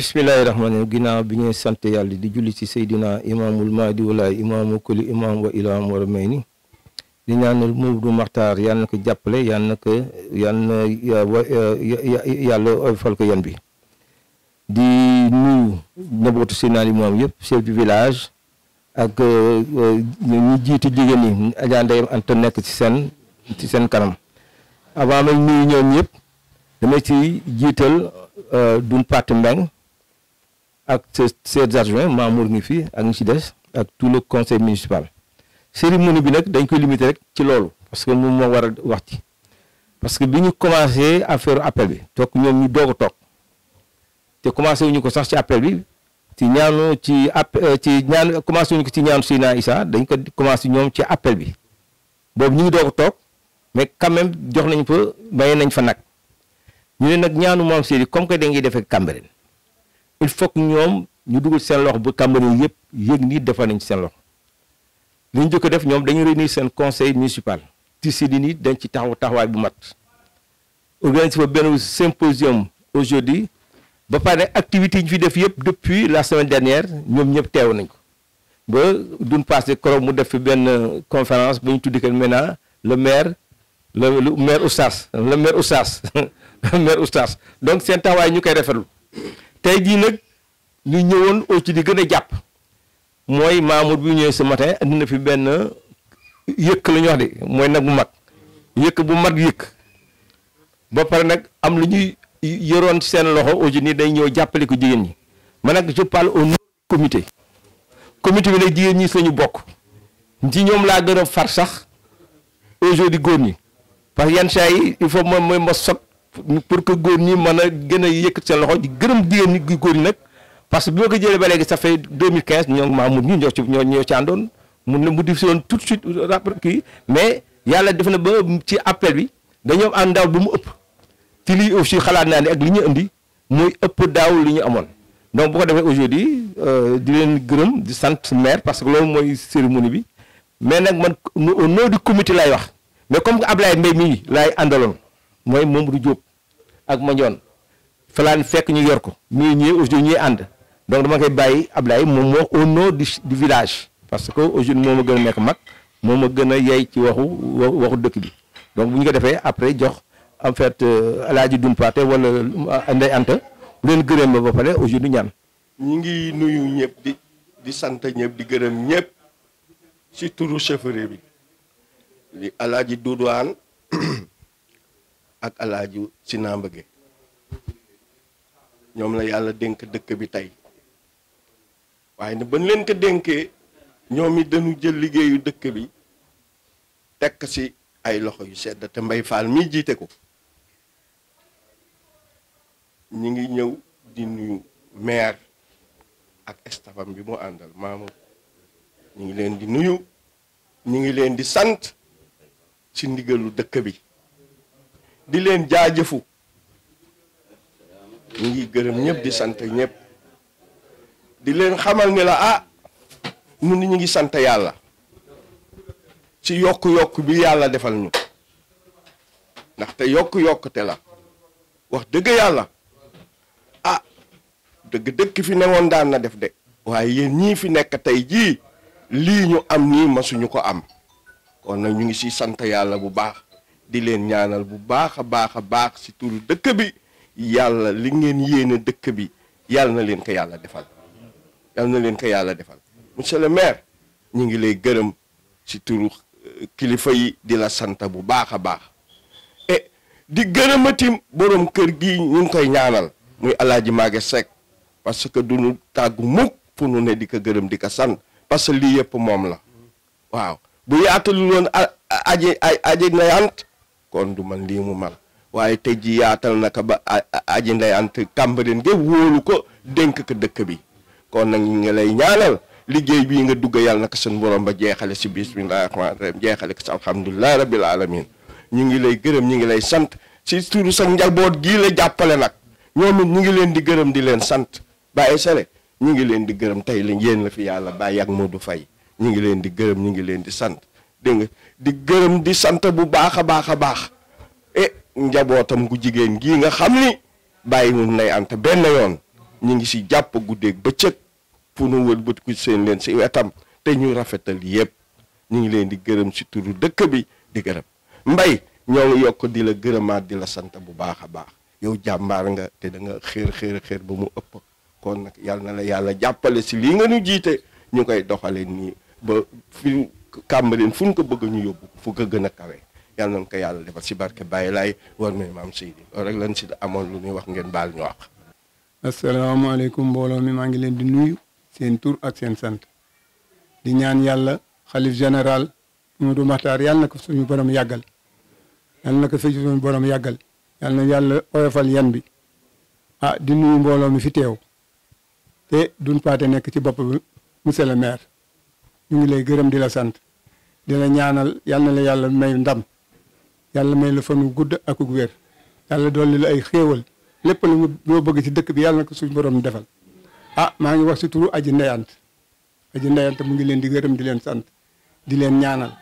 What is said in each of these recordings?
bismillahi rahmaani ginnaaw bi ñuy sant yàlla di julli ci seydina imaamul mahdi walaay imaamu kuli imaam wa ilaam war a may ni di ñaanal Mouhamadou Makhtar yàlla na ko jàppale yàlla na ko yan bi di nuyu njabootu seydina imaam yëpp chef village ak euh, euh, ñu jiitu jigéen ñi Adja Ndeye Anta nekk ci seen ci seen kanam avant may nuyu ñoom yëpp dama ci jiital euh, dun pàtt mbeng ak ses adjoints Mamour ngi fi ak ñi ci des ak tout le conseil municipal cérémonie bi nag dañ koy limiter rek ci loolu parce que moom moo war a wax ci parce que bi ñu commencé affaire appel bi toog ñoom ñu doog a toog te commencé wuñu ko sax ci appel bi ci ñaanu ci app euh, ci ñaan commencé ñu ko ci ñaanu Seydina Issa dañ ko commencé ñoom ci appel bi boobu ñu ngi doog toog mais quand même jox nañ fa maye nañ fa nag ñu ne nag ñaanu moom Seydi comme que da ngay il faut que ñoom ñu dugal seen loxo bu Cambérène yëpp yéeg nii defal nañ seen loxo li ñu njëkk def ñoom dañu réunir seen conseil municipal Ticidinie dañ ci taxaw taxawaay bu mat organise fa benn symposium aujourd'hui ba pare activités yi ñu fi def yëpp depuis la semaine dernière ñoom ñëpp teew nañ ko ba duñ passé koro mu def fi benn conférence bu ñu tuddi que maintenant le maire le maire oustaz le maire oustaz le maire oustaz donc seen taxawaay ñu koy rafetlu tey jii nag ñu ñëwoon aussi di gën a jàpp mooy Mahmoud bi ñëwee ce matin andi na fi benn yëkk la wax de mooy nag bu mag yëkk bu mag yëkk ba nag am lu ñuy yoroon seen loxo aussi nii day ñëw jàppale ko jigéen ñi man nag je parle au nom comité comité bi nag jigéen ñi suñu bokk ci ñoom laa gën a far sax di góor ñi parce que yenn saa yi il faut moom mooy ma sot pour que góor ñi mën a gën a yëkkat seen loxo di gërëm jigéen ñi góor ñi nag parce que bi ma ko jëlee ba léegi ça fait 2015 ñoo ngi Mamour ñi ñoo ci ñoo ñoo ci àndoon mun na mu diffusé woon tout de suite rapport mais yàlla def na ba ci appel bi dañoo am daaw bu mu ëpp ci lii aussi xalaat naa ne ak li ñu indi muy ëpp daaw li ñu amoon donc bu ko defee aujourd'hui euh, di leen gërëm di sant maire parce que loolu mooy cérémonie bi mais nag man au nom du comité laay wax mais comme ab Ablaye mbay mii laay àndaloon mooy Mamadou Diop ak Mandione falaan fekk ñu yor ko ñuy ñëwee aujourd'hui ñuy ànd donc dama koy bàyyi Ablaye moom wax au nom du village parce que aujourd'hui moom a gën a nekk mag moom a gën a yey ci waxu waxu dëkk bi donc bu ñu ko defee après jox en fait euh, alaaji dumpaate wala euh, ndey anta bu leen gërëm ba ba pare aujourd'hui ñaan ñi ngi nuyu ñëpp di di sant ñëpp di gërëm ñëpp ci turu chauffeur bi di alaaji Doudouane ak alaaju si naa mbëgge ñoom la yàlla dénk dëkk bi tey waaye ne bañ leen ko dénkee ñoom it dañu jël liggéeyu dëkk bi tekk si ay loxo yu sedd te mbay faal mi jiite ko ñi ngi ñëw di nuyu maire ak stafam bi mu àndal maamu ñi ngi leen di nuyu ñu ngi leen di sant ci ndigalu dëkk bi di leen jaajëfu ñu ngi gërëm ñépp di sant ñépp di leen xamal ni la ah ñun ñu ngi sant yàlla ci yokk-yokk bi yàlla defal ñu ndaxte yokk-yokkute la wax dëgg yàlla ah dëgg dëkk fi newoon daan na def de waaye yéen ñii fi nekk tey jii lii ñu am nii masuñu ko am kon nag ñu ngi si sant yàlla bu baax di leen ñaanal bu baax a baax a baax ci turu dëkk bi yàlla li ngeen yéene dëkk bi yàlla na leen ko yàlla defal yàlla na leen ko yàlla defal monsieur le maire ñu ngi lay gërëm ci turu euh, kilifa yi di la sant bu baax a baax e di gërëmatim borom kër gi ñu ngi koy ñaanal muy alaaji Maguette Seck parce que duñu tàggu mukk fu nu ne di ko gërëm di ko sant parce que lii yëpp moom la waaw bu yaatalu loon aji aji nayant kon du man lii mu man waaye tey ji yaatal naka ba aji ndey ant Cambérène gépp wóolu ko dénk ko dëkk bi kon nag ñu ngi lay ñaanal liggéey bii nga dugg yàlla naka seen borom ba jeexale si bismillahi rahmaani rahim jeexale ko si alhamdulilahi rabil alamin ñu ngi lay gërëm ñu ngi lay sant si turu sa njaboot gii la jàppale nag ñoom it ñu ngi leen di gërëm di leen sant bàyyi sale ñu ngi leen di gërëm tey la yéen la fi yàlla bàyyi ak moo du Faye ñu ngi leen di gërëm ñu ngi leen di sant dégg nga di gërëm di sant bu baax a baax a baax e njabootam gu jigéen gii nga xam ni bàyyi wun nay anta benn yoon ñu ngi si jàpp guddeeg bëccëg fu nu wëlbatiku seen leen si wetam te ñu rafetal yëpp ñu ngi leen di gërëm si turu dëkk bi di gërëm mbay ñoo ngi yokk di la gërëmaat di la sant bu baax a baax yow jàmbaar nga te da nga xéer xéer xéer ba mu ëpp kon nag yàlla na la yàlla jàppale si lii nga nu jiite ñu koy doxale nii ba fi Cambérène fu ñu ko bëgg ñu yóbbu fu ko gën a kawe yàlla nañ ko yàlla defal si barke bàyyi Laye war nañu maam Seydi loolu rek lañ si amoon lu ñuy wax ngeen baal ñu wax. asalaamaaleykum mbooloo mi maa ngi leen di nuyu seen tur ak seen sant di ñaan yàlla xalif général Modou Makhtar yàlla na ko suñu borom yàggal yàlla na ko suñu borom yàggal yàlla na yàlla oyofal yan bi ah di nuyu mbooloo mi fi teew te duñ paate nekk ci bopp bi le maire. ñu ngi lay gërëm di la sant di la ñaanal yal na la yàlla may ndam yàlla may la fanu gudd ak ug wér yàlla dolli la ay xéewal lépp lu moo bëgg si dëkk bi yàlla na ko suñu borom defal ah maa ngi wax si turu aji ndeyant aji ndeyant mu ngi leen di gërëm di leen sant di leen ñaanal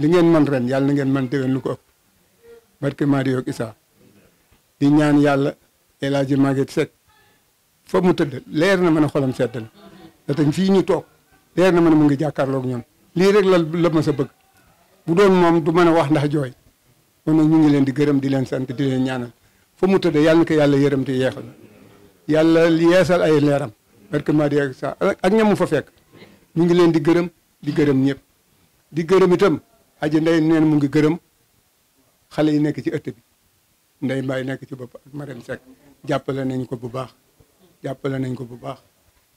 li ngeen man ren yàlla na ngeen man déwén lu ko ëpp barke Mario ak isaa di ñaan yàlla El Hadji Maguette set foofu mu tëdd leer na mën a xolam sedd na te fii ñu toog leer na ma ne mu ngi jàkkaarloog ñoom lii rek la la ma sa bëgg bu doon moom du mën a wax ndax jooy kon nag ñu ngi leen di gërëm di leen sant di leen ñaanal fa mu tëddee yàlla na ko yàlla yërëm te yeexal yàlla yeesal ay leeram barke maa di ak sa ak ñamu fa fekk ñu ngi leen di gërëm di gërëm ñëpp di gërëm itam aji ndey neen mu ngi gërëm xale yi nekk ci ëtt bi ndey mbaay nekk ci bopp ak Marème Seck jàppale nañ ko bu baax jàppale nañ ko bu baax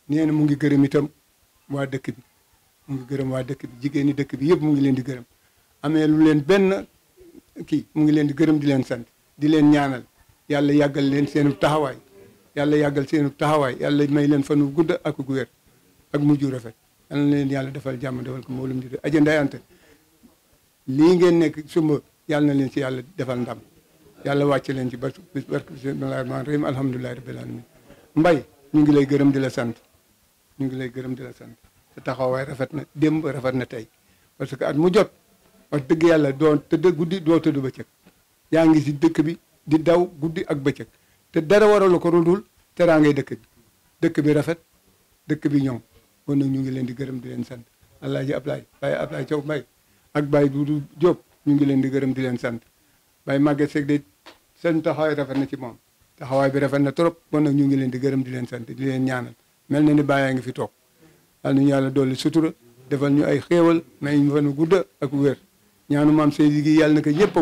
nee na mu ngi gërëm itam waa dëkk bi mu ngi gërëm waa dëkk bi jigéen ñi dëkk bi yëpp mu ngi leen di gërëm amee lu leen benn kii mu ngi leen di gërëm di leen sant di leen ñaanal yàlla yàggal leen seenu taxawaay yàlla yàggal seenu taxawaay yàlla may leen fanu gudd ak gu ak mujj rafet yal na leen yàlla defal jàmm defal ko mboolum di ajanda yante lii ngeen nekk sumba yàlla na leen ci yàlla defal ndam yàlla wàcc leen ci barke bismillaahi rahmaani rahiim alhamdulillahi rabbil alamin mbay ñu ngi lay gërëm di la sant ñu ngi lay gërëm di la sant taxawaay rafet na démb rafet na tey parce que at mu jot dëgg yàlla doo tëdd guddi doo bëccëg yaa ngi si dëkk bi di daw guddi ak bëccëg te dara waralu ko rudul teraa ngay dëkk dëkk bi rafet dëkk bi ñoom kon nag ñu ngi leen di gërëm di leen sant Alaaji Ablaay Baay Ablaay Caw Mbay ak Baay Duudu Jóob ñu ngi leen di gërëm di leen sant Baay Màgget Seck seen taxawaay rafet na ci moom taxawaay bi rafet na trop kon nag ñu ngi leen di gërëm di leen sant di leen ñaanal mel na ni bàyyaa ngi fi toog yal nañu yàlla dolli sutura defal ñu ay xéewal may ñu fan gudda ak wér ñaanu maam Seydi gi yàlla na ko ñëpp a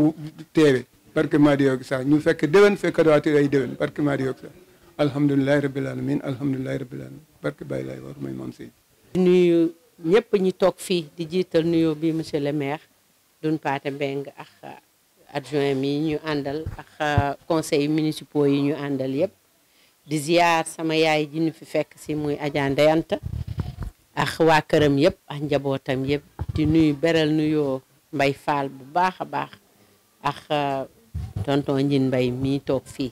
teewe barke Madi Yog sax ñu fekk déwén fekk dawaati ay déwén barke Madi Yog Sa alhamdulilahi rabbil alamin alhamdulilahi rabbil alamin barke Baye Laay war may maam Seydi nuyu ñëpp ñi toog fii di jiital nuyoo bi monsieur le maire Doudou Pathé Mbengue ak adjoint mi ñu àndal ak conseil municipaux yi ñu àndal yëpp di sama yaay ji ñu fi fekk si muy Adja Ndeyanta ak waa këram yëpp ak njabootam yëpp di nuyu beral nuyoo mbay faal bu baax a baax ak euh, tonton njin mbay mii toog fii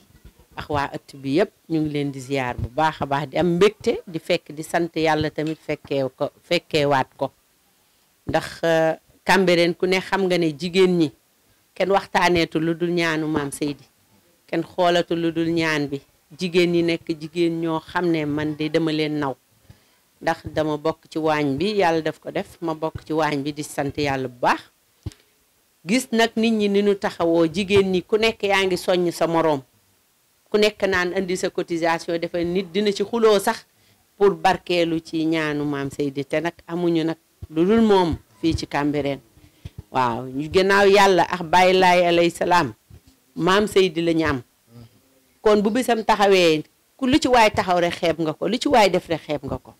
ak waa ëtt bi yëpp ñu ngi leen di ziyaar bu baax a baax di am mbégte di fekk di sant yàlla tamit fekkee ko fekkeewaat ko ndax euh, Cambérène ku ne xam nga ne jigéen ñi kenn waxtaaneetu lu dul ñaanu maam Seydi kenn xoolatu lu dul ñaan bi jigéen ñi nekk jigéen ñoo xam ne man di dama leen naw ndax dama bokk ci waañ bi yàlla daf ko def ma bokk ci waañ bi di sant yàlla bu baax gis nag nit ñi ni nu taxawoo jigéen ñi ku nekk yaa ngi soññ sa moroom ku nekk naan indi sa cotisation dafa nit dina ci xuloo sax pour barkeelu ci ñaanu maam Seydi te nag amuñu nag lu dul moom fii ci Cambérène waaw ñu gannaaw yàlla ak bàyyi laay alayhi salaam maam Seydi la ñu am kon bu bisam taxawee ku lu ci waay taxaw rek xeeb nga ko lu ci waay def rek xeeb nga ko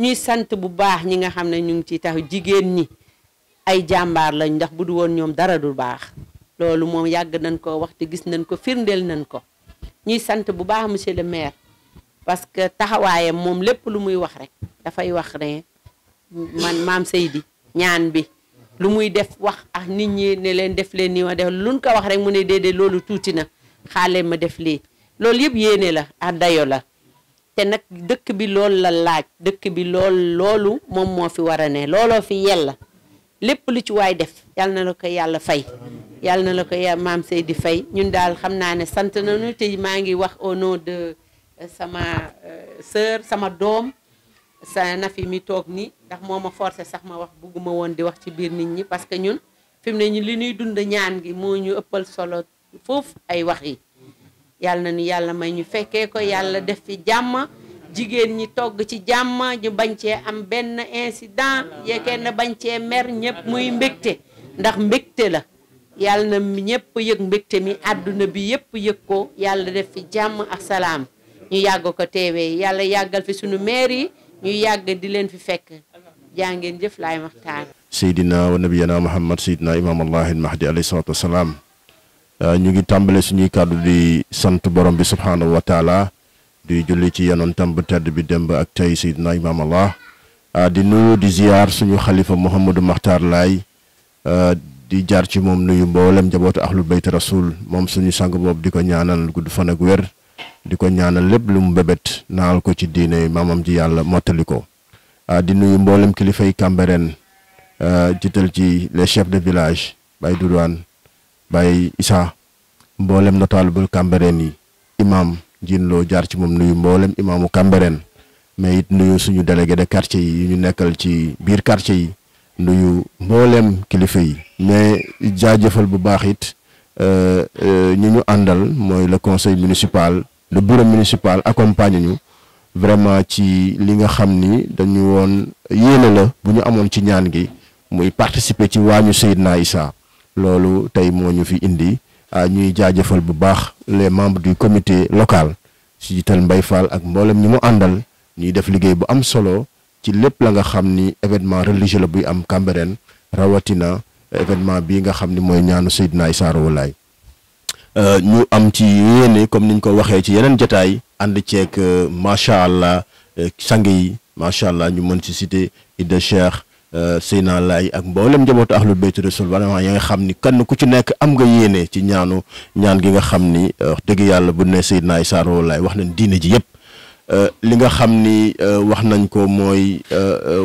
ñuy sant bu baax ñi nga xam ne ñu ngi ciy taxaw jigéen ñi ay jàmbaar lañ ndax bu du woon ñoom dara du baax loolu moom yàgg nañ ko waxtu gis nañ ko firndeel nañ ko ñuy sant bu baax monsieur le maire parce que taxawaayam moom lépp lu muy wax rek dafay wax ne man maam Seydi ñaan bi lu muy def wax ak nit ñi ne leen def leen nii ma def luñ ko wax rek mu ne déedéet loolu tuuti na xaale ma def lii loolu yëpp yéene la à dayo la te nag dëkk bi loolu la laaj dëkk bi lool loolu moom moo fi war a ne looloo fi yella lépp lu ci waay def yal na la ko yàlla fay yal na la ko ya maam sey di fay ñun daal xam naa ne sant nañu te maa ngi wax au nom de euh, sama euh, sœur sama doom sa nafi mi toog nii ndax moo ma forcé sax ma wax bugguma woon di wax ci biir nit ñi parce que ñun fi ne ñu li nuy dund ñaan gi moo ñu ëppal solo foofu ay wax yi yàlla na nu yàlla may ñu fekkee ko yàlla def fi jàmm jigéen ñi togg ci jàmm ñu bañ cee am benn incident kenn bañ cee mer ñëpp muy mbégte ndax mbégte la yàlla na ñëpp yëg mbégte mi àdduna bi yëpp yëg ko yàlla def fi jàmm ak salaam ñu yàgg ko teewee yàlla yàggal fi sunu meer yi ñu yàgg di leen fi fekk jaa ngeen jëf laay waxtaan. Seydina wa nabiyana Muhammad Seydina imaam Allahi al-Mahdi alayhi salaatu wa salaam Euh, ñu ngi tàmbale suñuy kàddu di sant borom bi subhaanahu wa taala di julli ci yonentam bu tedd bi demb ak tey sayidina imaam allah euh, di nuyu di ziyaar suñu xalifa Mouhamadou Makhtar Laye euh, di jaar ci moom nuyu mboolem njabootu ahlul bayt rasul moom suñu sang boobu di ko ñaanal gudd fan ak wér di ko ñaanal lépp lu mbebet bébét naal ko ci diine maamam ji yàlla mottali ko di nuyu mboolem kilifay Cambérène jiital ci les chefs de village Baye Doudouane Baye Issa mboolem notable bu Cambérène yi imaam Dieng loo jaar ci moom nuyu mboolem imaamu Cambérène mais it nuyu suñu délégué de quartier yi ñu nekkal ci biir quartier yi nuyu mbooleem kilifa yi mais jaajëfal bu baax it euh, euh, ñi ñu àndal mooy le conseil municipal le bureau municipal accompagne ñu vraiment ci li nga xam ni dañu woon yéene la bu ñu amoon ci ñaan gi muy participer ci waa waañu Seydina Issa loolu tey moo ñu fi indi ah, ñuy jaajëfal bu baax les membre du comité locale si jiital mbay Fall ak mboolem ñi mu àndal ñuy def liggéey bu am solo ci lépp la nga xam ni événement religieux la buy am Cambérène rawatina événement bii nga xam ni mooy ñaanu Seydina Issa Rouhou Laye euh, ñu am ci yéene comme niñ ko waxee ci yeneen jotaay ànd ceeg euh, macha allah euh, sang yi macha allah ñu mën ci cité Idda Cheikh. Euh, Seyna Laay ak mboolem njabootu ahlul baytu rasul vraiment yi nga xam ni kenn ku ci nekk am nga yéene ci ñaanu ñaan gi nga xam ni euh, wax dëgg yàlla bu ne Seydina Issa Rouhou Laye wax nañ diine ji yëpp euh, li nga xam ni wax nañ ko mooy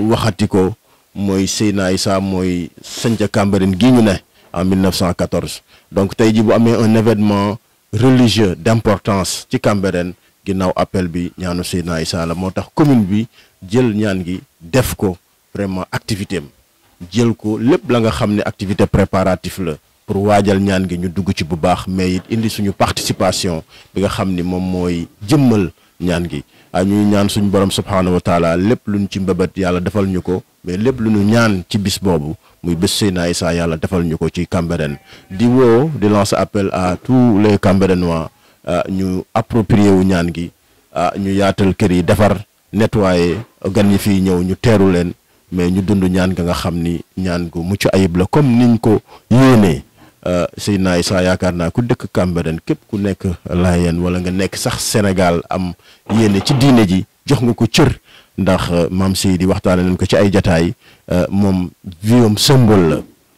waxati ko mooy Seyna Issa mooy sanca Cambérène gi ñu ne en 1914 donc tey ji bu amee un événement religieux d'importance ci Cambérène ginnaaw appel bi ñaanu Seyna Issa la moo tax commune bi jël ñaan gi def ko vraiment activité am jël ko lépp la nga xam ne activité préparatif la pour waajal ñaan gi ñu dugg ci bu baax mais it indi suñu participation bi nga xam ni moom mooy jëmmal ñaan gi a ah, ñuy ñaan suñu borom subhaanahu wa taala lépp luñ ci mbëbët yàlla defal ñu ko mais lépp lu ñu ñaan ci bis boobu muy bés Seydina Issa yàlla defal ñu ko ci Cambérène di woo di lancer appel à tous les Cambérénois ah, ñu approprier wu ñaan gi ah, ñu yaatal kër yi defar nettoyer gan yi fii teeru leen mais ñu dund ñaan nga nga xam ni ñaan ko mucc ayib la comme niñ ko yéenee euh, Seydina Issa yaakaar naa ku dëkk Cambérène képp ku nekk Layeen wala nga nekk sax Sénégal am yéene ci diine ji jox nga ko cër ndax euh, maam Seydi waxtaane nañ ko ci ay jataay euh, moom viom symbole la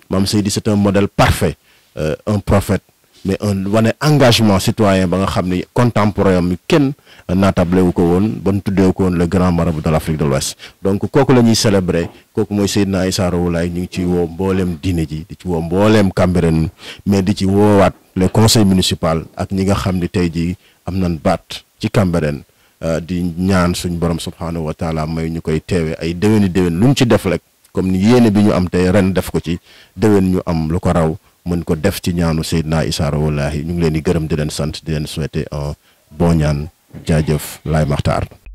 maam Seydi c'est un modèle parfait un prophète mais un wane engagement citoyen ba nga xam ni contemporain mi kenn naatable wu ko woon ba mu tuddee ko woon le grand marabout de l' Afrique de l'Ouest donc kooku la ñuy célébrer kooku mooy Seydina Issa Rouhou Laye ñu ngi ci woo mbooleem diine ji di ci woo mbooleem Cambérène mais di ci woowaat les conseil municipal ak ñi nga xam ni tey jii am nañ baat ci Cambérène euh, di ñaan suñ borom subhanahu wa taala may ñu koy teewe ay déwéni déwén lu ñu ci def rek comme ni yéene bi ñu am tey ren def ko ci déwén ñu am lu ko raw mën ko def ci ñaanu Seydina Issa Rouhou Lahi ñu ngi leen di gërëm di leen sant di leen souhaiter un euh, bon ñaan jaajëf Laye Makhtar